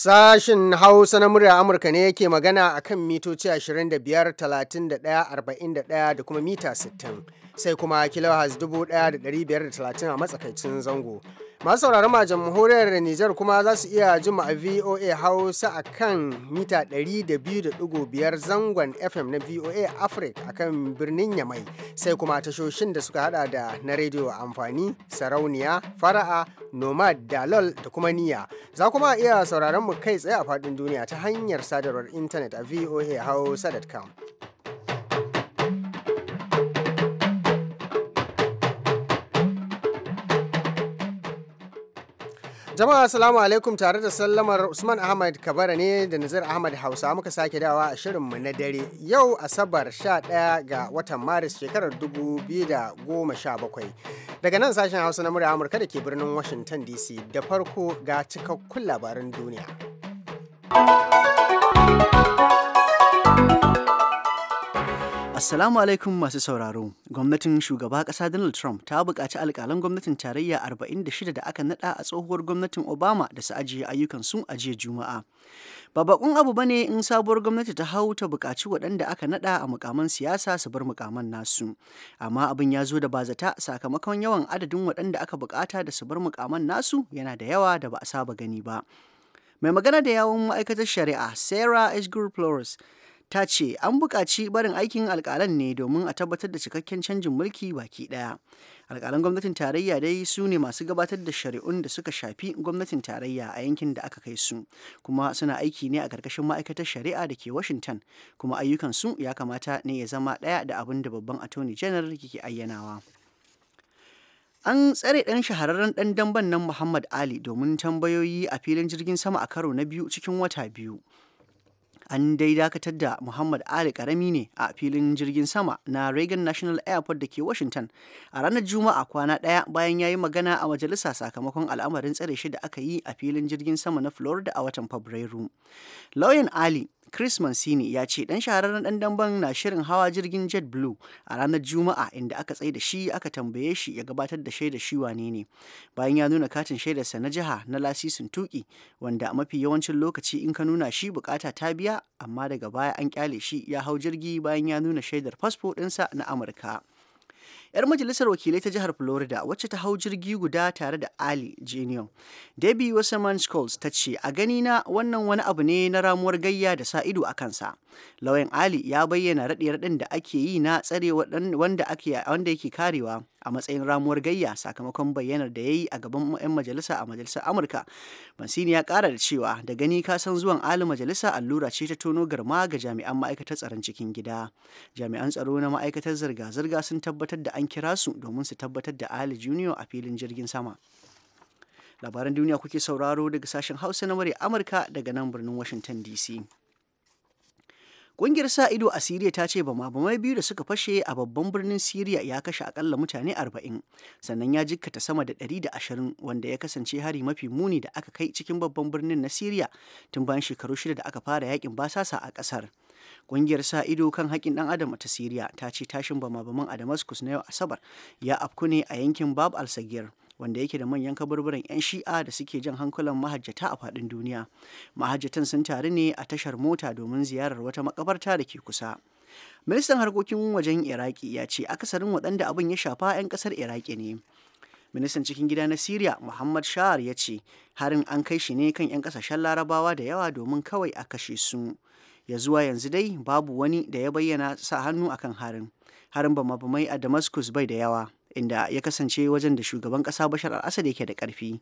Sashin Hausa na murya Amurka ne yake magana a kan mitoci 25, 31, 41 da kuma mita 60, sai kuma kilo 1530 a matsakaicin zango. masu sauraron ma jamhuriyar Nijar kuma za su iya jima a VOA Hausa a kan mita 200.5 zangon FM na VOA Africa a kan birnin Yamai sai kuma tashoshin da suka hada da na rediyo amfani, sarauniya, fara'a, nomad, dalol da kuma niya. Za kuma iya sauraron mu kai tsaye a faɗin duniya ta hanyar sadarwar intanet a voahausa.com. Jama'a assalamu alaikum tare da sallamar Usman Ahmad Kabara ne da Nazir Ahmad Hausa muka sake dawa a shirinmu na dare yau Asabar 11 ga watan Maris shekarar 2017. Daga nan sashen Hausa na murya Amurka da ke birnin Washington DC da farko ga cikakkun labaran duniya. Assalamu alaikum masu sauraro. Gwamnatin shugaba ƙasa Donald Trump ta buƙaci alƙalan gwamnatin tarayya 46 da aka naɗa a tsohuwar gwamnatin Obama da su ajiye ayyukan sun ajiye Juma'a. Ba baƙon abu bane in sabuwar gwamnati ta hau ta buƙaci waɗanda aka naɗa a mukaman siyasa su bar mukaman nasu. Amma abin ya zo da bazata sakamakon yawan adadin waɗanda aka buƙata da su bar mukaman nasu yana da yawa da ba a saba gani ba. Mai magana da yawun ma'aikatar shari'a Sarah H. Flores ta ce an buƙaci barin aikin alƙalan ne domin a tabbatar da cikakken canjin mulki baki ɗaya alƙalan gwamnatin tarayya dai su ne masu gabatar da shari'un da suka shafi gwamnatin tarayya a yankin da aka kai su kuma suna aiki ne a ƙarƙashin ma'aikatar shari'a da ke washington kuma ayyukansu ya kamata ne ya zama ɗaya da abin da babban attorney general ke ayyanawa An tsare ɗan shahararren ɗan damben nan Muhammad Ali domin tambayoyi a filin jirgin sama a karo na biyu cikin wata biyu. an dai dakatar da muhammad ali karami ne a filin jirgin sama na reagan national airport da ke washington a ranar juma'a kwana daya bayan ya yi magana a majalisa sakamakon al'amarin tsare shi da aka yi a filin jirgin sama na florida a watan fabrairu lauyan ali Chris Mancini ya ce dan shahararren dan damban na shirin hawa jirgin jet blue a ranar Juma'a inda aka tsaye da shi aka tambaye shi ya gabatar da shaidar shi wane ne. Bayan ya nuna katin shaidarsa na jiha na lasisin tuki wanda mafi yawancin lokaci in ka nuna shi bukata ta biya amma daga baya an kyale shi ya hau jirgi bayan ya nuna shaidar fasfo ɗinsa na Amurka. 'Yar majalisar wakilai ta jihar Florida wacce ta hau jirgi guda tare da Ali Genio. Debbie Wasserman Scholes ta ce, "A gani na wannan wani abu ne na ramuwar gayya da sa ido a kansa." Lauyan Ali ya bayyana raɗe-raɗen da ake yi na tsare wanda yake karewa a matsayin ramuwar gayya sakamakon bayyanar da ya yi a gaban 'yan majalisa a majalisar amurka mansini ya kara da cewa da gani ka san zuwan Ali majalisa allura ce ta tono garma ga jami'an ma'aikatar tsaron cikin gida jami'an tsaro na ma'aikatar zirga-zirga sun tabbatar da an kira su domin su tabbatar da ali junior a filin jirgin sama labaran duniya kuke sauraro daga sashen hausa na murya amurka daga nan birnin washington dc Ƙungiyar sa ido a Siriya ta ce bama-bamai biyu da suka fashe a babban birnin Siriya ya kashe akalla mutane 40, sannan ya jikkata sama da 120 wanda ya kasance hari mafi muni da aka kai cikin babban birnin na Siriya tun bayan shekaru shida da aka fara yakin basasa a ƙasar. Ƙungiyar sa ido kan haƙƙin ɗan adam ta Siriya ta ce tashin bama-baman a Damascus na yau Asabar ya afku ne a yankin Bab al-Sagir wanda yake da manyan kaburburan 'yan shi'a da suke jan hankulan mahajjata a faɗin duniya mahajjatan sun taru ne a tashar mota domin ziyarar wata makabarta da ke kusa ministan harkokin wajen iraki ya ce akasarin waɗanda abin ya shafa 'yan ƙasar iraki ne ministan cikin gida na syria muhammad shahar ya ce harin an kai shi ne kan 'yan ƙasashen larabawa da yawa domin kawai a kashe su ya zuwa yanzu dai babu wani da ya bayyana sa hannu akan harin harin ba mai a damascus bai da yawa inda ya kasance wajen da shugaban ƙasa bashar al-assad yake da ƙarfi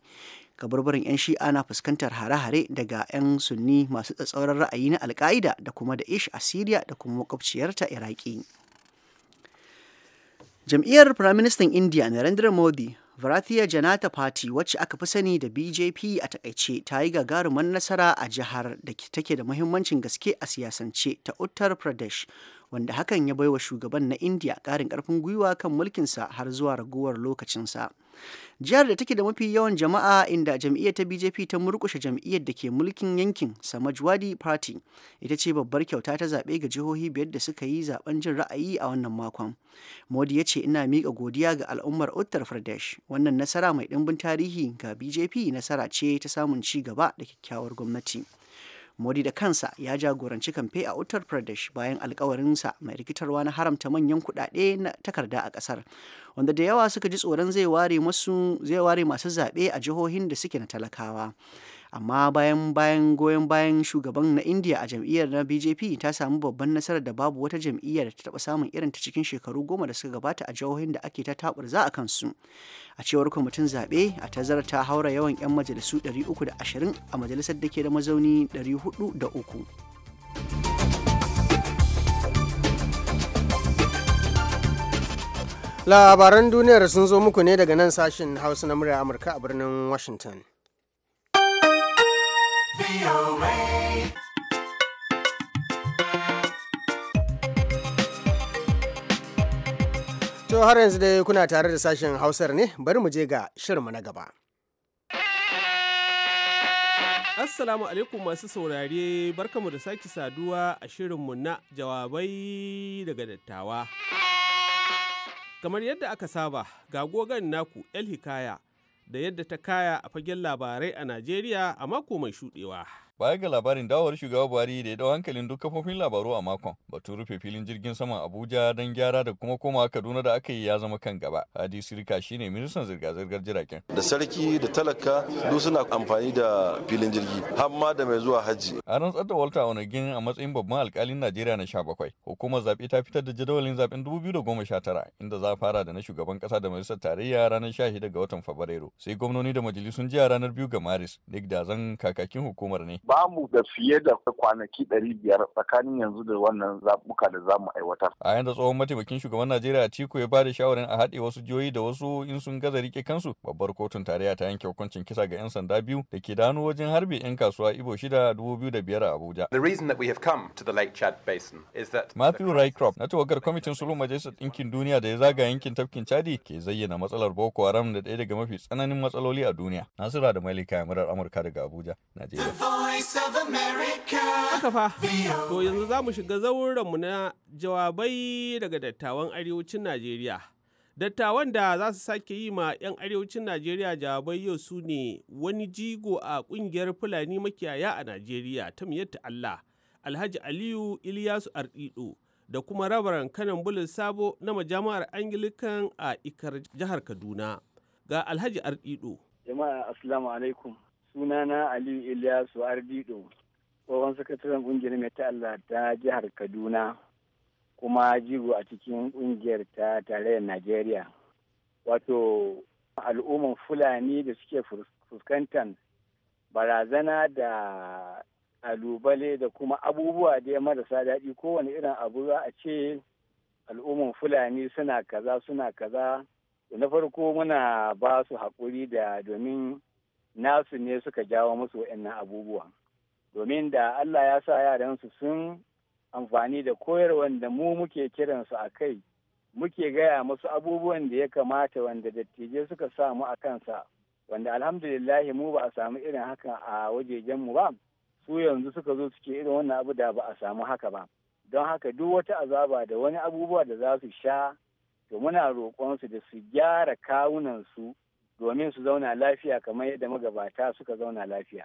gabarbarin 'yan shi'a na fuskantar hare-hare daga 'yan sunni masu tsatsauran ra'ayi na alka'ida da kuma da ish a siriya da kuma makwabciyarta iraki jam'iyyar firaministan india narendra modi Varathiya Janata Party wacce aka fi sani da BJP a takaice ta yi gagarumar nasara a jihar da take da muhimmancin gaske a siyasance ta Uttar Pradesh wanda hakan ya baiwa shugaban na indiya ƙarin karfin gwiwa kan mulkinsa har zuwa raguwar lokacinsa jihar da take da mafi yawan jama'a inda jam'iyyar ta bjp ta murkushe jam'iyyar da ke mulkin yankin samajwadi party ita ce babbar kyauta ta zaɓe ga jihohi biyar da suka yi zaɓen jin ra'ayi a wannan makon modi ya ce ina miƙa godiya ga al'ummar uttar pradesh wannan nasara mai ɗimbin tarihi ga bjp nasara ce ta samun ci gaba da kyakkyawar gwamnati modi da kansa ya jagoranci kamfe a uttar pradesh bayan alkawarinsa mai rikitarwa na haramta manyan kudade na takarda a kasar wanda da yawa suka ji tsoron zai ware masu zaɓe a jihohin da suke na talakawa amma bayan bayan goyon bayan shugaban na india a jam'iyyar na bjp ta samu babban nasarar da babu wata jam'iyyar da ta taba samun irin ta cikin shekaru goma da suka gabata a jihohin da ake ta za a kansu a cewar kwamitin zaɓe a tazarar ta haura yawan 'yan majalisu 320 a majalisar da ke da mazauni 403 labaran duniyar sun zo muku ne daga nan sashen hausa na murya amurka a birnin washington To har yanzu dai kuna tare da sashen Hausar ne, bari mu je ga shirinmu na gaba. Assalamu alaikum masu saurare, barkamu da sake saduwa a shirinmu na jawabai daga dattawa. Kamar yadda aka saba, ga gogan naku El Hikaya da yadda ta kaya a fagen labarai a Najeriya a mako mai shuɗewa. Baya ga labarin dawar shugaba Buhari da ya dau hankalin duk kafofin labaru a makon, batun rufe filin jirgin saman Abuja don gyara da kuma koma Kaduna da aka yi ya zama kan gaba. Hadi sirka shine ministan zirga-zirgar jiragen. Da sarki da talaka duk suna amfani da filin jirgi, har ma da mai zuwa hajji. A rantsar da Walter Onagin a matsayin babban alkalin Najeriya na 17, hukumar zaɓe ta fitar da jadawalin zaɓen 2019 inda za fara da na shugaban ƙasa da majalisar tarayya ranar 16 ga watan Fabrairu. Sai gwamnoni da majalisun jiya ranar biyu ga Maris, Nick zan kakakin hukumar ne. ba mu da fiye da kwanaki 500 tsakanin yanzu da wannan zabuka da za mu aiwatar. A yanda tsohon mataimakin shugaban Najeriya Atiku ya ba da shawarin a haɗe wasu jihohi da wasu in sun gaza rike kansu babbar kotun tarayya ta yanke hukuncin kisa ga 'yan sanda biyu da ke dano wajen harbe 'yan kasuwa Ibo shida dubu a Abuja. The reason that we have come to the Lake Chad Basin is that Matthew Rycroft na tawagar kwamitin Sulu majalisar ɗinkin duniya da ya zaga yankin tafkin Chadi ke zayyana matsalar Boko Haram da ɗaya daga mafi tsananin matsaloli a duniya. Nasira da Malika Yamirar Amurka daga Abuja, Najeriya. Haka fa, to yanzu za mu shiga zaurenmu na jawabai daga dattawan arewacin Najeriya. Dattawan da za su sake yi ma 'yan arewacin Najeriya jawabai yau su ne wani jigo a kungiyar Fulani makiyaya a Najeriya ta miyatta Allah, Alhaji Aliyu Iliyasu Ardido da kuma rabaran kanan bulin sabo na majama'ar Anglican a Ikar jihar Kaduna. Ga Alhaji Ardido. Jama'a Assalamu alaikum. sunana aliyu iliyasu ardido tsohon sakataren ƙungiyar mai Allah ta jihar kaduna kuma jigo a cikin ƙungiyar ta tarayyar najeriya wato al'umman fulani da suke fuskantar barazana da alubale da kuma abubuwa da ya marasa daɗi kowane irin abu za a ce al'umman fulani suna kaza suna kaza na farko muna ba su haƙuri da domin nasu ne suka jawo musu waɗannan abubuwan domin da Allah ya sa yaransu sun amfani da koyarwar da mu muke kiransu a kai muke gaya musu abubuwan da ya kamata wanda dattijai suka samu a kansa wanda alhamdulillahi mu ba a samu irin haka a wajejenmu ba su yanzu suka zo suke irin wannan abu da ba a samu haka ba don haka duk wata azaba da wani abubuwa da za su sha to muna roƙonsu da su gyara kawunan su. domin su zauna lafiya kamar yadda magabata suka zauna lafiya.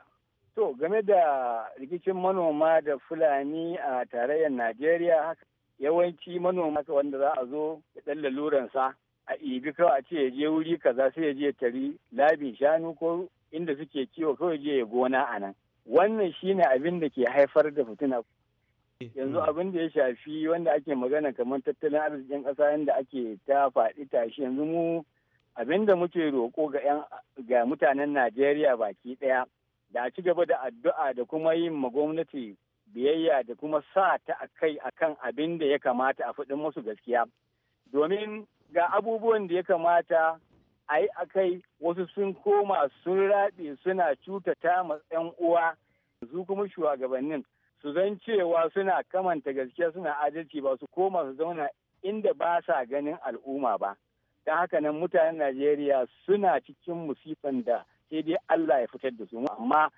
To game da rikicin manoma da Fulani a tarayyar Najeriya yawanci manoma wanda za a zo ya ɗan sa a ibi kawai a ce ya je wuri kaza sai ya je tari labin shanu ko inda suke kiwo kawai je ya gona a nan. Wannan shine abin da ke haifar da fitina. Yanzu mm. abin da ya shafi wanda ake magana kamar tattalin arzikin ƙasa yadda ake ta faɗi tashi yanzu mu abinda muke roƙo ga ga mutanen Najeriya baki ɗaya da a ci gaba da addu'a da kuma yin ma gwamnati biyayya da kuma sa ta a kai a kan abin da ya kamata a faɗin musu gaskiya domin ga abubuwan da ya kamata a yi a kai wasu sun koma sun raɗe suna cutata matsayin uwa su kuma shugabannin su zan cewa suna kamanta gaskiya suna adalci ba su koma su zauna inda ba sa ganin al'umma ba don haka nan mutanen najeriya suna cikin musifan da sai dai allah ya fitar da su amma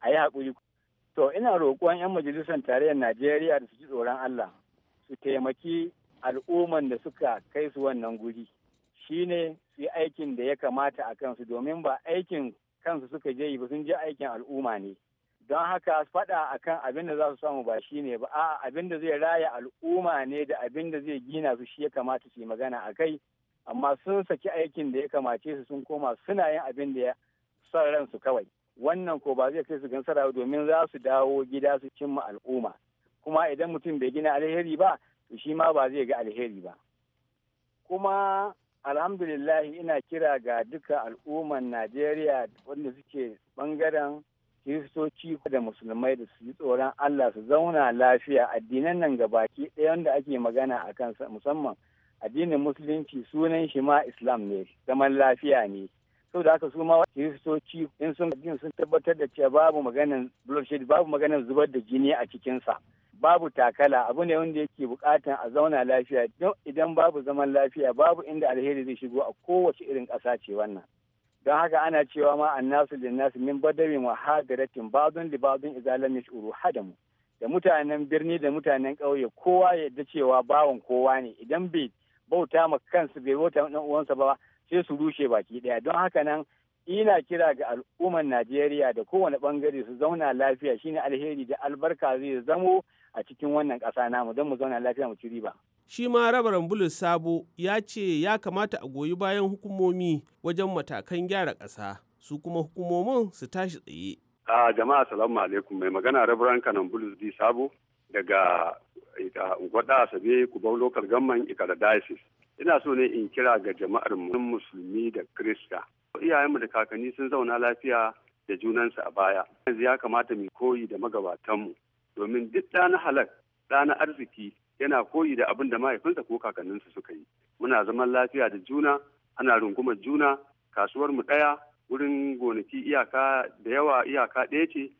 a yi haƙuri to ina roƙon 'yan majalisar tarayyar najeriya da su ji tsoron allah su taimaki al'umman da suka kai su wannan guri shine su yi aikin da ya kamata a kansu domin ba aikin kansu suka je yi ba sun je aikin al'umma ne don haka faɗa a kan abin da za su samu ba shi ne ba a abin da zai raya al'umma ne da abin da zai gina su shi ya kamata su yi magana a kai amma sun saki aikin da ya kamace su sun koma suna yin abin da ya son ransu kawai wannan ko ba zai kai su gansara domin za su dawo gida su cimma al'umma kuma idan mutum bai gina alheri ba to shi ma ba zai ga alheri ba kuma alhamdulillah ina kira ga duka al'umman najeriya wanda suke bangaren kiristoci da musulmai da su yi tsoron allah su zauna lafiya addinan nan gabaki ɗaya da ake magana a kansa musamman addinin musulunci sunan shi ma islam ne zaman lafiya ne saboda haka su ma kiristoci in sun addini sun tabbatar da cewa babu maganin bloodshed babu maganin zubar da jini a cikinsa babu takala abu ne wanda yake bukatan a zauna lafiya idan babu zaman lafiya babu inda alheri zai shigo a kowace irin ƙasa ce wannan don haka ana cewa ma annasu linnasu min badawin wa hadaratin ba'dun li ba'dun shuru yashuru hadamu da mutanen birni da mutanen ƙauye kowa ya yarda cewa bawan kowa ne idan bai bauta ma kansu bai bauta ma uwansa ba sai su rushe baki daya don haka nan ina kira ga al'ummar Najeriya da kowane bangare su zauna lafiya shine alheri da albarka zai zamo a cikin wannan ƙasa namu don mu zauna lafiya mu ci riba. Shi ma rabaran bulus sabo ya ce ya kamata a goyi bayan hukumomi wajen matakan gyara ƙasa su kuma hukumomin su tashi tsaye. A ah, jama'a salamu alaikum mai magana rabaran kanan bulus di sabo daga gwada asabe kubau local government ikara diocese ina so ne in kira ga jama'ar musulmi da krista iyayenmu da kakanni sun zauna lafiya da junansu a baya yanzu ya kamata mu koyi da magabatanmu domin duk ɗana halak ɗana arziki yana koyi da abin da mahaifinsa ko kakanninsa suka yi muna zaman lafiya da juna ana rungumar juna kasuwar mu ɗaya wurin gonaki iyaka da yawa iyaka ɗaya ce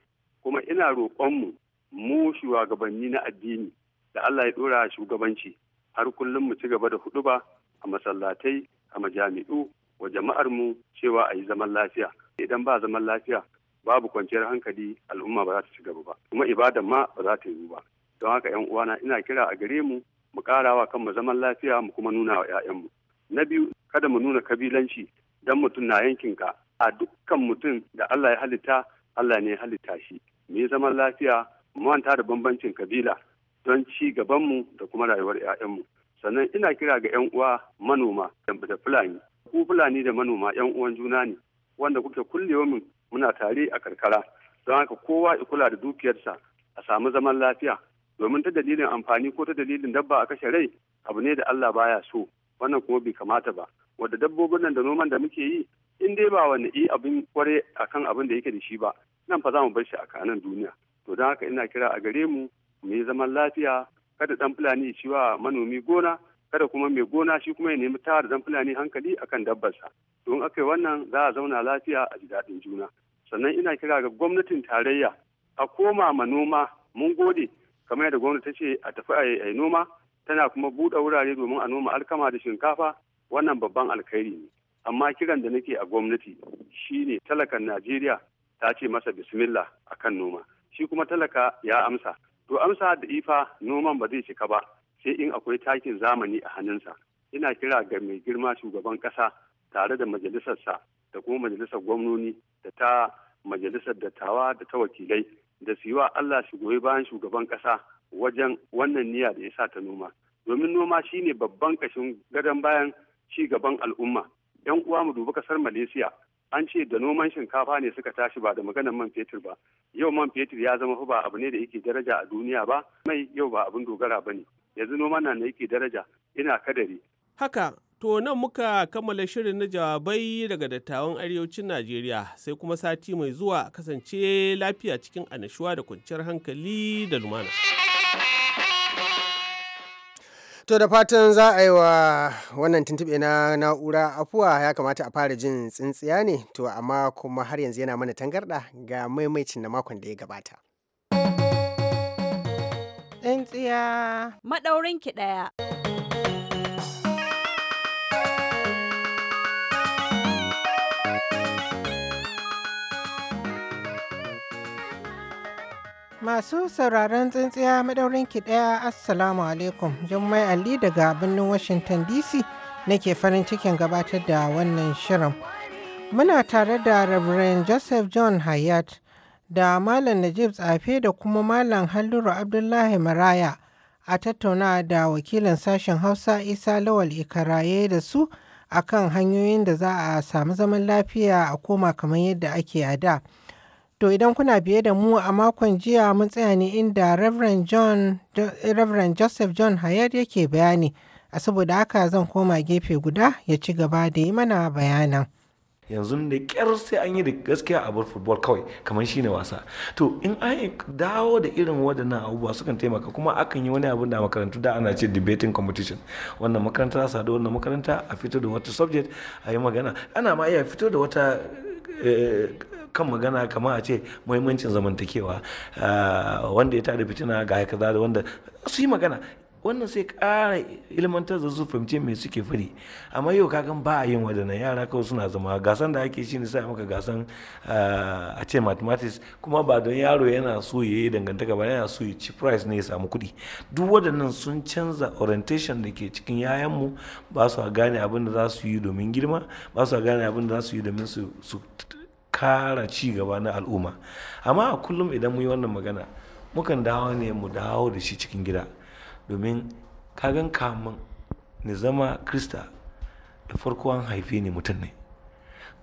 kuma ina roƙonmu mu shugabanni na addini da Allah ya dora shugabanci har kullum mu ci gaba da ba a masallatai a majami'u wa jama'ar mu cewa a yi zaman lafiya idan ba zaman lafiya babu kwanciyar hankali al'umma ba za ta ci gaba ba kuma ibadan ma ba za ta yi ba don haka yan uwana ina kira a gare mu mu karawa kanmu zaman lafiya mu kuma nuna wa mu na biyu kada mu nuna kabilanci dan mutum na yankinka a dukkan mutum da Allah ya halitta Allah ne ya halitta shi mu yi zaman lafiya mu manta da bambancin kabila don ci gabanmu da kuma rayuwar 'ya'yanmu sannan ina kira ga 'yan uwa manoma da fulani ku fulani da manoma 'yan uwan juna ne wanda kuke kullewa min muna tare a karkara don haka kowa ya kula da dukiyarsa a samu zaman lafiya domin ta dalilin amfani ko ta dalilin dabba a kashe rai abu ne da Allah baya so wannan kuma bai kamata ba wadda dabbobin nan da noman da muke yi in dai ba wani yi abin kware akan abin da yake da shi ba nan fa za mu bar shi a kanan duniya to don haka ina kira a gare mu mu yi zaman lafiya kada dan fulani shi wa manomi gona kada kuma mai gona shi kuma ya nemi tawar dan fulani hankali akan dabbarsa don aka yi wannan za a zauna lafiya a ji daɗin juna sannan ina kira ga gwamnatin tarayya a koma ma noma mun gode kamar yadda gwamnati ta ce a tafi a yi noma tana kuma buɗe wurare domin a noma alkama da shinkafa wannan babban alkhairi ne amma kiran da nake a gwamnati shine talakan najeriya ta ce masa bismillah akan noma shi kuma talaka ya amsa To amsa da ifa noman ba zai cika ba sai in akwai takin zamani a hannunsa. Ina kira ga mai girma shugaban ƙasa tare da majalisarsa da kuma majalisar gwamnoni da ta majalisar dattawa da ta wakilai da su yi wa Allah su goyi bayan shugaban ƙasa wajen wannan niyya da ya sa ta noma. Domin noma shi ne babban kashin gadon bayan ci gaban al'umma. ‘Yan uwa mu dubi kasar Malaysia an ce da noman shinkafa ne suka tashi ba da maganar man fetur ba yau man fetur ya zama ba abu ne da yake daraja a duniya ba mai yau ba abin dogara ba ne yanzu noman na na yake daraja ina kadari haka to nan muka kammala shirin na jawabai daga dattawan arewacin najeriya sai kuma sati mai zuwa kasance lafiya cikin anashuwa da kwanciyar hankali da lumana. To da fatan za a yi wa wannan tuntuɓe na na'ura afuwa ya kamata a fara jin tsintsiya ne to amma kuma har yanzu yana mana tangarɗa ga maimaicin na makon da ya gabata. Tsintsiya maɗaurinki ɗaya. Masu sauraron tsintsiya madaurin ki ɗaya Assalamu alaikum Jummai Ali daga birnin Washington DC nake farin cikin gabatar da wannan shirin. Muna tare da Reverend Joseph John Hayat da Malam Najib Tsafe da kuma Malam Halluru Abdullahi Maraya a tattauna da wakilin sashen Hausa Isa Lawal Ikaraye da su akan hanyoyin da za a samu zaman lafiya a koma kamar yadda ake a da. To idan kuna biye da mu a makon jiya mun tsaya ne inda Reverend, Joseph John Hayat yake bayani, a saboda haka zan koma gefe guda ya ci gaba da yi mana bayanan. yanzu da kyar sai an yi da gaskiya a bar football kawai kamar shine wasa to in an dawo da irin waɗannan abubuwa sukan taimaka kuma akan yi wani abin da makarantu da ana ce debating competition wannan makaranta a da wannan makaranta a fito da wata subject a yi magana ana ma iya fito da wata eh, kan magana kamar a ce muhimmancin zamantakewa ah, wanda ya tada fitina ga haka da wanda su yi magana wannan sai ƙara ilmantar da su fahimci me suke fari amma yau kagan ba a yin wadannan yara kawai suna zama gasan da ake shi ne sai maka gasan ah, a ce mathematics kuma ba don yaro yana so ya yi dangantaka ba yana so ya ci price ne ya samu kuɗi duk waɗannan sun canza orientation da ke cikin yayanmu ba su gane abin da za su yi domin girma ba su gane abin da za su yi domin su kara ci gaba na al'umma amma a kullum idan muyi wannan magana mukan dawo ne mu dawo da shi cikin gida domin kagan kamun ni zama krista da farko an haife ni mutum ne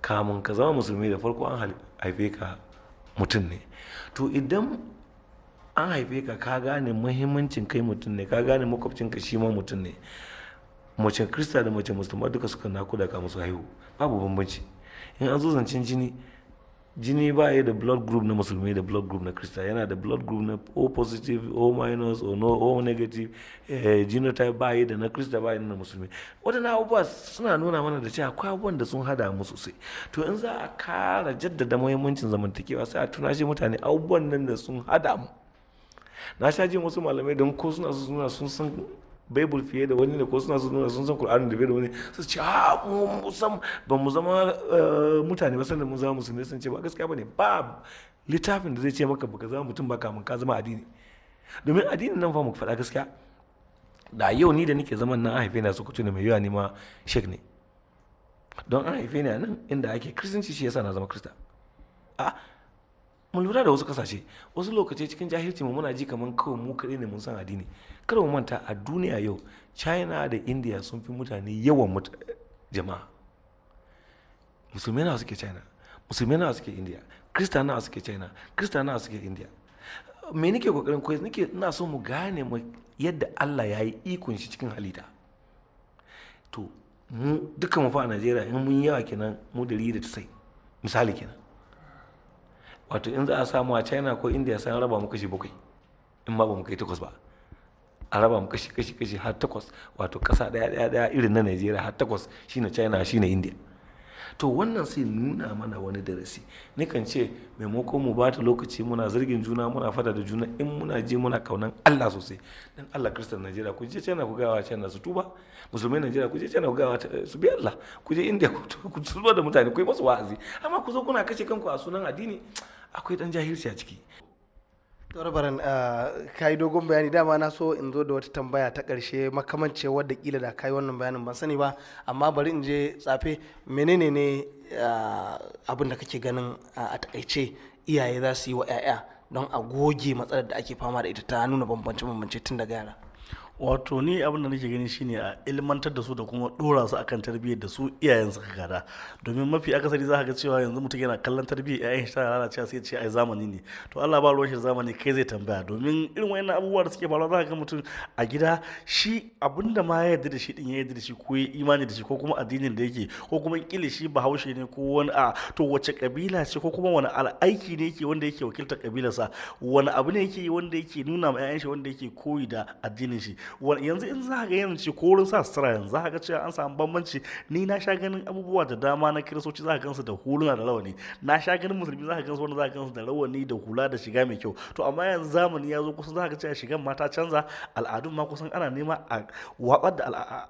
kamun ka zama musulmi da farko an haife ka mutum ne to idan an haife ka ka gane muhimmancin kai mutum ne ka gane makwabcin ka shi ma mutum ne mace krista da mace musulma duka suka nakuda ka musu haihu babu bambanci in an zo zancen jini jini ba ya da blood group na musulmi da blood group na krista yana da blood group na o positive o minus o no o negative eh, genotype ba ya da na krista ba ya na musulmi waɗannan abubuwa suna nuna mana da cewa akwai abubuwan da sun hada mu sosai to in za a kara jaddada muhimmancin zamantakewa sai a tuna shi mutane abubuwan nan da sun hada mu na sha jin wasu malamai don ko suna su suna sun san bible fiye da wani ne ko suna sun san qur'ani da da wani su ce a ah, mu san ba mu zama eh, mutane ba sannan mun zama musulmi sun ce ba gaskiya bane ba littafin da zai ce maka baka zama mutum ba kamun ka zama addini domin addinin nan fa mu faɗa gaskiya da yau ni da nake zaman nan haife na sokoto ne mai yawa ne ma shek ne don an haife ni a nan inda ake kristanci shi yasa na zama krista a mun lura da wasu kasashe wasu lokaci cikin jahilci mu muna ji kamar kawai mu kaɗai ne mun san addini kar manta a duniya yau china da india sun fi mutane yawan jama'a musulmai na suke china musulmai na suke india krista na suke china krista na suke india me nike kokarin koyi nike ina so mu gane mu yadda allah ya yi ikon shi cikin halitta to mu duka mu fa a najeriya in mun yawa kenan mu da da sai misali kenan wato in za a samu a china ko india sai raba mu kashi bakwai in ma ba mu kai takwas ba Araba mu kashi kashi kashi har takwas wato ƙasa ɗaya ɗaya daya irin na najeriya har takwas shine china shine india to wannan sai nuna mana wani darasi kan ce maimakon mu ba ta lokaci muna zargin juna muna fada da juna in muna je muna kaunan Allah sosai dan Allah kristan Najeriya ku je China ku gawa China su tuba musulmai Najeriya ku je China ku gawa su bi Allah ku je India ku tuba da mutane ku yi musu wa'azi amma ku zo kuna kashe kanku a sunan addini akwai dan jahilci a ciki tsorabaran ah, ka yi dogon bayani dama na so in zo da wata tambaya ta ƙarshe makamance wadda kila da ka yi wannan bayanin ban sani ba amma bari in je tsafe menene ne ah, abin da kake ganin ah, a takaice iyaye za su yi wa 'ya'ya don a goge matsalar da ake fama da ita ta nuna bambance-bambance tun daga yara wato ni abin da nake gani shine a ilmantar da su da kuma dora su akan tarbiyyar da su iyayen suka gada domin mafi akasari za ga cewa yanzu mutum yana kallon tarbiyyar iyayen shi tana lalacewa sai ce ai zamani ne to Allah ba ruwan shi zamani kai zai tambaya domin irin wayannan abubuwa da suke faruwa za ga mutum a gida shi abin da ma ya yarda da shi din ya yarda da shi ko imani da shi ko kuma addinin da yake ko kuma kila shi bahaushe ne ko wani a to wace kabila ce ko kuma wani al'aiki ne yake wanda yake wakiltar kabilarsa wani abu ne yake wanda yake nuna ma 'ya'yan shi wanda yake koyi da addinin shi yanzu in za ga yanzu ko wurin sa sutura yanzu za ga cewa an samu bambanci ni na sha ganin abubuwa da dama na kiristoci za ka gansu da huluna da rawani na sha ganin musulmi za ka gansu wani za ka gansu da rawani da hula da shiga mai kyau to amma yanzu zamani ya zo kusan za ka cewa shigan ma ta canza al'adun ma kusan ana nema a watsar da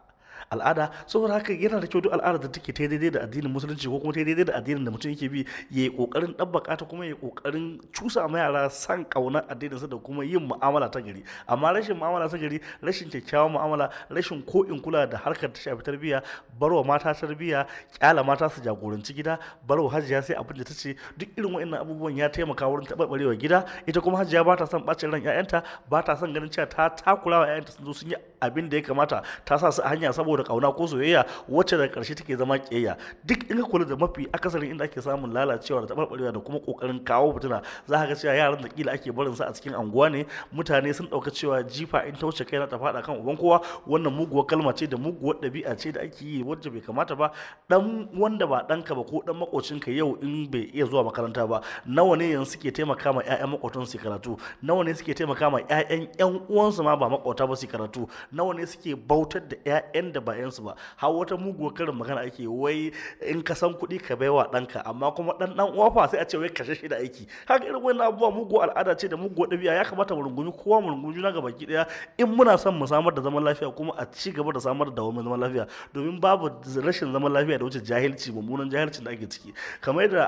al'ada saboda haka yana da kyau duk al'ada da take ta daidai da addinin musulunci ko kuma ta daidai da addinin da mutum yake bi ya yi kokarin dabbaka ta kuma ya yi kokarin cusa ma yara san kauna addinin addininsa da kuma yin mu'amala ta gari amma rashin mu'amala ta gari rashin kyakkyawan mu'amala rashin ko in kula da harkar ta shafi tarbiyya barwa mata tarbiyya kyala mata su jagoranci gida barwa hajiya sai abin da ta ce duk irin wa'annan abubuwan ya taimaka wurin taɓarɓarewa gida ita kuma hajiya ba ta son ɓacin ran 'ya'yanta ba ta son ganin cewa ta takura wa 'ya'yanta sun zo sun yi abin da ya kamata ta sa su a hanya saboda kauna ko soyayya wacce daga karshe take zama kiyayya duk in ka kula da mafi akasarin inda ake samun lalacewa da tabarbarewa da kuma kokarin kawo fitina za ka ga cewa yaran da kila ake barin su a cikin anguwa ne mutane sun dauka cewa jifa in ta wuce kaina ta fada kan uban kowa wannan muguwar kalma ce da muguwar dabi'a ce da ake yi wacce bai kamata ba dan wanda ba danka ba ko dan ka yau in bai iya zuwa makaranta ba nawa ne yanzu suke taimaka ma 'ya'yan makwatan su karatu nawa ne suke taimaka ma 'ya'yan 'yan uwansu ma ba makota ba su karatu nawa ne suke bautar da 'ya'yan da ba 'yansu ba har wata muguwar karin magana ake wai in ka san kuɗi ka baiwa ɗanka amma kuma ɗan ɗan uwa fa sai a ce wai kashe shi da aiki haka irin wannan abubuwa mugu al'ada ce da mugu ɗabi'a ya kamata mu rungumi kowa mu rungumi juna gaba baki ɗaya in muna son mu samar da zaman lafiya kuma a ci gaba da samar da dawamin zaman lafiya domin babu rashin zaman lafiya da wuce jahilci mummunan jahilcin da ake ciki kamar yadda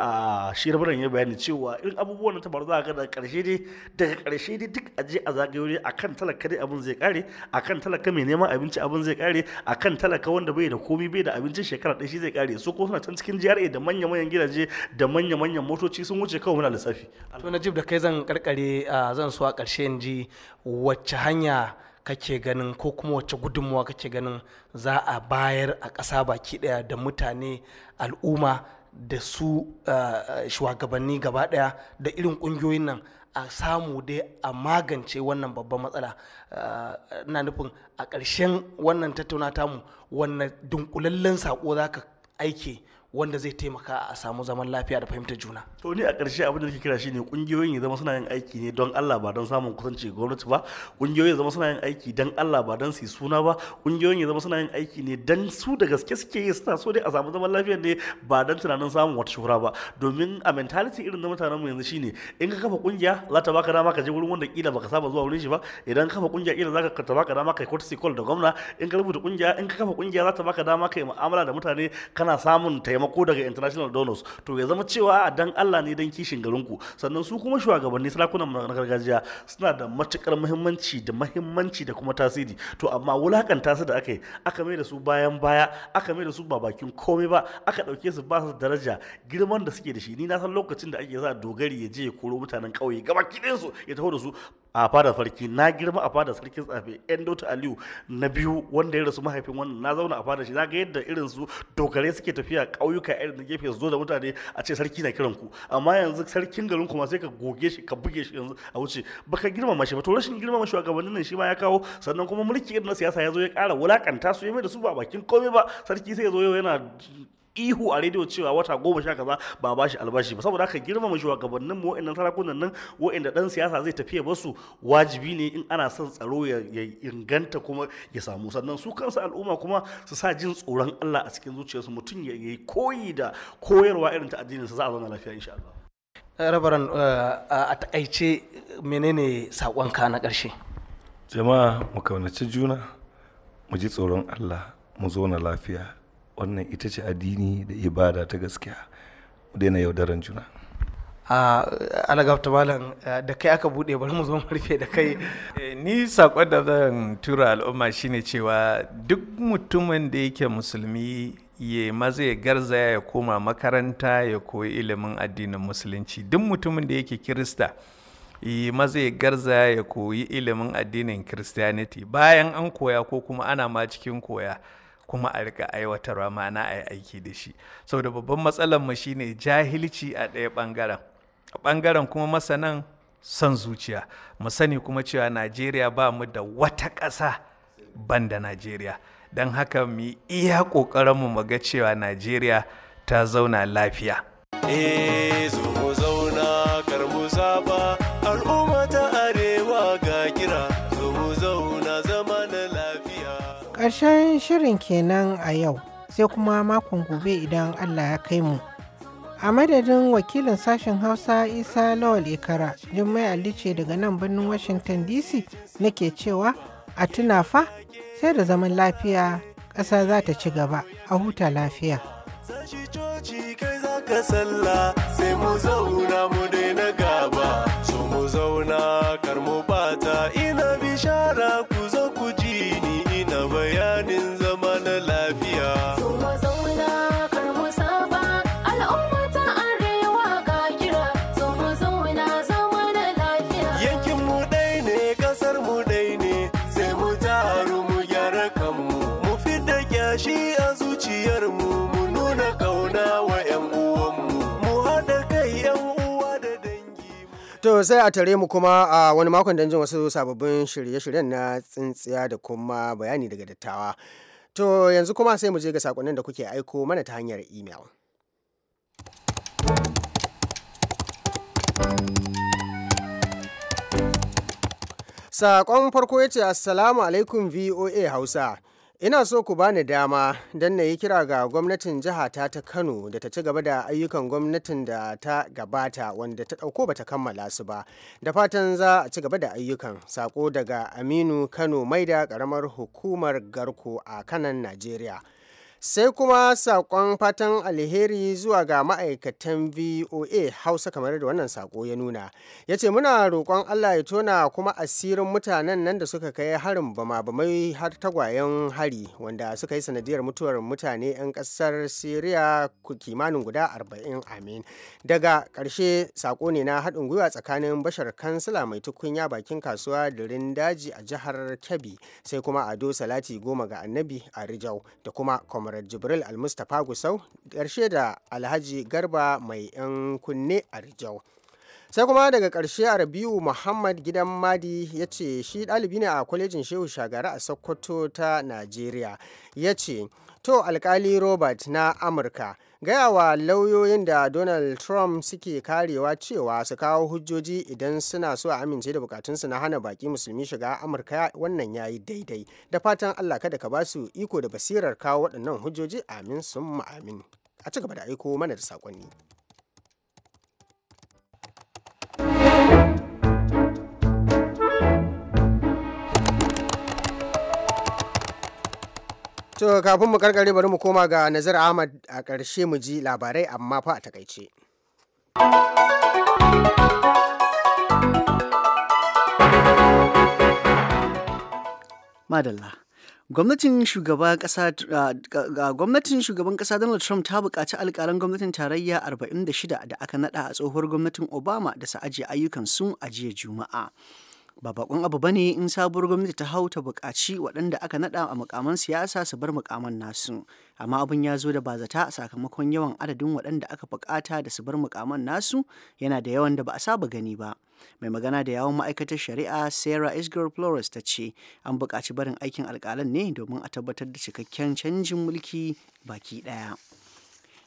a shirbiran ya bayani cewa irin abubuwan ta bar za ka ga daga ƙarshe ne daga ƙarshe ne duk je a zagayoyi akan talaka dai abin zai kare akan talaka talaka mai neman abinci abin zai kare akan talaka wanda bai da komi bai da abincin shekara ɗaya shi zai kare su ko suna can cikin jihar da manya manyan gidaje da manya manyan motoci sun wuce kawai muna lissafi to Najib da kai zan karkare zan so a ƙarshe in ji wacce hanya kake ganin ko kuma wacce gudunmuwa kake ganin za a bayar a ƙasa baki ɗaya da mutane al'umma da su ah, ah, shugabanni gaba daya da irin ƙungiyoyin nan a samu dai a magance wannan babban matsala ah, na nufin a ƙarshen wannan tattauna tamu wannan dunkulallen sako za ka aike wanda zai taimaka a samu zaman lafiya da fahimtar juna. To ni a ƙarshe abin da nake kira shine kungiyoyin ya zama suna yin aiki ne don Allah ba don samun kusanci ga gwamnati ba, kungiyoyin ya zama suna yin aiki don Allah ba don su suna ba, kungiyoyin ya zama suna yin aiki ne don su da gaske suke yi suna so dai a samu zaman lafiya ne ba don tunanin samun wata shuhura ba. Domin a mentality irin na mutanen mu yanzu shine in ka kafa kungiya za ta baka dama ka je wurin wanda kila baka saba zuwa wurin shi ba, idan ka kafa kungiya kila za ka ta baka dama kai courtesy call da gwamna, in ka rubuta kungiya in ka kafa kungiya za ta baka dama kai mu'amala da mutane kana samun taimako taimako daga international donors to ya zama cewa a dan Allah ne dan kishin garin ku sannan su kuma shugabanni sarakunan na gargajiya suna da matukar muhimmanci da muhimmanci da kuma tasiri to amma wulakanta su da aka yi aka mai da su bayan baya aka mai da su ba bakin komai ba aka dauke su ba su daraja girman da suke da shi ni na san lokacin da ake za dogari ya je ya koro mutanen kauye gaba su ya taho da su a fadar sarki na girma a fadar sarkin tsafe yan dauta aliyu na biyu wanda ya rasu mahaifin wannan na zauna a fadar shi na ga yadda irin su dogare suke tafiya ƙauyuka irin da gefe su zo da mutane a ce sarki na kiran ku amma yanzu sarkin garin kuma sai ka goge shi ka buge shi yanzu a wuce baka girma shi ba to rashin a gabanin nan shi ma ya kawo sannan kuma mulki irin na siyasa ya zo ya kara wulakanta su ya mai da su ba bakin komai ba sarki sai ya zo yana ihu a rediyo cewa wata goma sha kaza ba ba shi albashi ba saboda haka girmama shugabannin mu wa'annan sarakunan nan wa'anda dan siyasa zai tafiya basu wajibi ne in ana son tsaro ya inganta kuma ya samu sannan su kansu al'umma kuma su sa jin tsoron Allah a cikin zuciyarsu mutum ya yi koyi da koyarwa irin ta addinin sa za a zauna lafiya insha Allah eh, rabaran eh, a takaice menene sakonka na karshe jama'a mu kaunaci juna mu ji tsoron Allah mu zo na lafiya wannan ita ce addini da ibada ta gaskiya mu daina yaudaran juna a alagafta malam da kai aka bude bari mu zo rufe da kai eh, ni sakon da zan tura al'umma shine cewa duk mutumin da yake musulmi ya maza ya garzaya ya koma makaranta ya koyi ilimin addinin musulunci duk mutumin da yake kirista yi maza ya garzaya ya koyi ilimin addinin christianity bayan an koya ko kuma ana ma cikin koya kuma a rika aiwatarwa ma'ana a yi aiki da shi saboda babban matsalar mu shine jahilci a ɗaya ɓangaren a ɓangaren kuma masanan son zuciya mu sani kuma cewa najeriya ba mu da wata ƙasa ban da najeriya don haka mu iya ƙoƙarin mu ga cewa najeriya ta zauna lafiya eh zauna kar zaba al'umma ta arewa ga kira Ƙarshen shirin kenan a yau sai kuma makon gobe idan Allah ya kai mu. A madadin wakilin sashen Hausa Isa Lawal Ikara, Jummai Ali ce daga nan birnin Washington DC nake cewa a tuna fa sai da zaman lafiya ƙasa za ta ci gaba a huta lafiya. Sashi coci kai sai mu zauna mu daina gaba, su mu zauna kar mu bata ina bishara To sai a tare mu kuma a wani makon don jin wasu sababbin shirye-shiryen na tsintsiya da kuma bayani daga dattawa. To yanzu kuma sai mu je ga sakonnin da kuke aiko mana ta hanyar email. Saƙon farko ya ce Assalamu alaikum VOA Hausa. ina so ku bani dama don na yi kira ga gwamnatin jihata ta kano da ta ci gaba da ayyukan gwamnatin da ta gabata wanda ta ɗauko bata kammala su ba da fatan za a ci gaba da ayyukan sako daga aminu kano maida ƙaramar hukumar garko a kanan najeriya sai kuma sakon fatan alheri zuwa ga ma'aikatan voa hausa kamar da wannan sako ya nuna ya ce muna roƙon allah ya tona kuma asirin mutanen nan da suka kai harin bama bamai har tagwayen hari wanda suka yi sanadiyar mutuwar mutane 'yan ƙasar syria kimanin guda 40 amin daga ƙarshe sako ne na haɗin gwiwa tsakanin bashar kansila mai tukunya bakin kasuwa da daji a jihar kebbi sai kuma ado salati goma ga annabi a rijau da kuma kwamar comrade jibril almustapha gusau ƙarshe da alhaji garba mai yan kunne a rijau sai kuma daga ƙarshe a rabiu muhammad gidan madi ya ce shi ɗalibi ne a kwalejin shehu shagara a sokoto ta najeriya ya ce To alkali Robert na Amurka gaya wa lauyoyin da Donald Trump suke karewa cewa su kawo hujjoji idan suna so a amince da bukatunsu na hana baki musulmi shiga Amurka wannan ya yi daidai. Da fatan Allah kada ka basu iko da basirar kawo waɗannan hujjoji amin sun amin. A ci gaba da aiko mana da saƙonni. To kafin mu karkare bari mu koma ga Nazar Ahmad a ƙarshe mu ji labarai amma fa a takaice. Madalla. Gwamnatin shugaban ƙasa Donald Trump ta buƙaci alƙalan gwamnatin tarayya 46 da aka naɗa a tsohuwar gwamnatin Obama da su ajiye ayyukan sun ajiye Juma'a. ba bakon abu ba ne in sabuwar gwamnati ta hau ta buƙaci waɗanda aka naɗa a mukaman siyasa su bar mukaman nasu amma abin ya zo da ba bazata sakamakon yawan adadin waɗanda aka bukata da su bar mukaman nasu yana da yawan da ba a saba gani ba mai magana da yawon ma'aikatar shari'a sarah isgar flores ta ce an bukaci barin aikin alƙalan ne domin a tabbatar da cikakken canjin mulki baki ɗaya.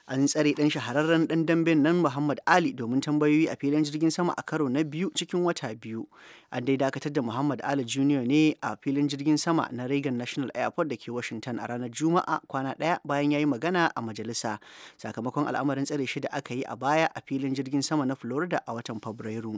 an tsare dan shahararren dan damben nan muhammad ali domin tambayoyi a filin jirgin sama a karo na biyu cikin wata biyu an dai dakatar da muhammad ali junior ne a filin jirgin sama na reagan national airport da ke washington a ranar juma'a kwana daya bayan ya yi magana a majalisa sakamakon al'amarin tsare shi da aka yi a baya a filin jirgin sama na florida a watan fabrairu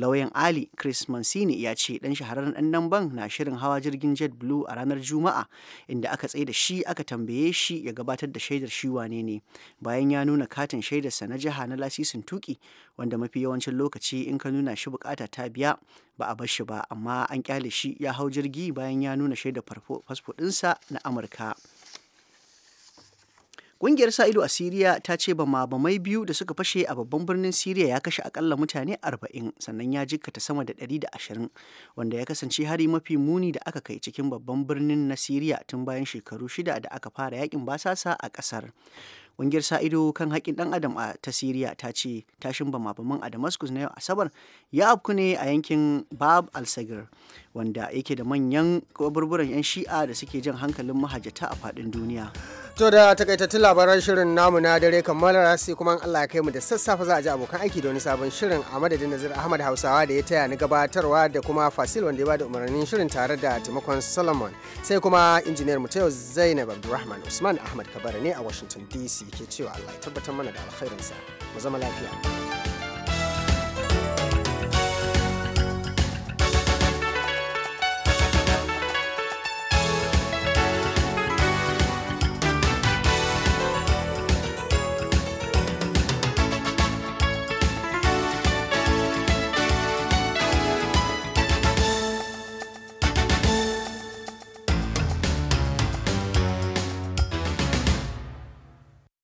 lauyan ali chris mancini ya ce dan shahararren dan damben na shirin hawa jirgin jet blue a ranar juma'a inda aka tsaye da shi aka tambaye shi ya gabatar da shaidar shi wane ne bayan ya nuna katin shaidarsa na jiha na lasisin tuki wanda mafi yawancin lokaci in ka nuna shi bukata ta biya ba a bar shi ba amma an kyale shi ya hau jirgi bayan ya nuna shaida fasfo ɗinsa na amurka Ƙungiyar sa ido a Siriya ta ce ba bamai biyu da suka fashe a babban birnin Siriya ya kashe akalla mutane 40 sannan ya jikkata sama da 120 wanda ya kasance hari mafi muni da aka kai cikin babban birnin na Siriya tun bayan shekaru shida da aka fara yakin basasa a ƙasar. Ƙungiyar sa ido kan haƙƙin ɗan adam a ta Siriya ta ce tashin bama-baman a Damascus na yau Asabar ya afku ne a yankin Bab al-Sagir wanda yake da manyan kaburburan 'yan shi'a da suke jan hankalin mahajjata a faɗin duniya. To da takaitattun labaran shirin namu na dare kammalar sai kuma Allah ya kai mu da sassafe za a ji abokan aiki da sabon shirin a madadin Nazir Ahmad Hausawa da ya taya ni gabatarwa da kuma Fasil wanda ya bada umarnin shirin tare da taimakon Solomon sai kuma injiniyar mu ta yau Zainab Abdulrahman Usman Ahmad Kabara ne a Washington DC ke cewa Allah ya tabbatar mana da alkhairinsa mu zama lafiya.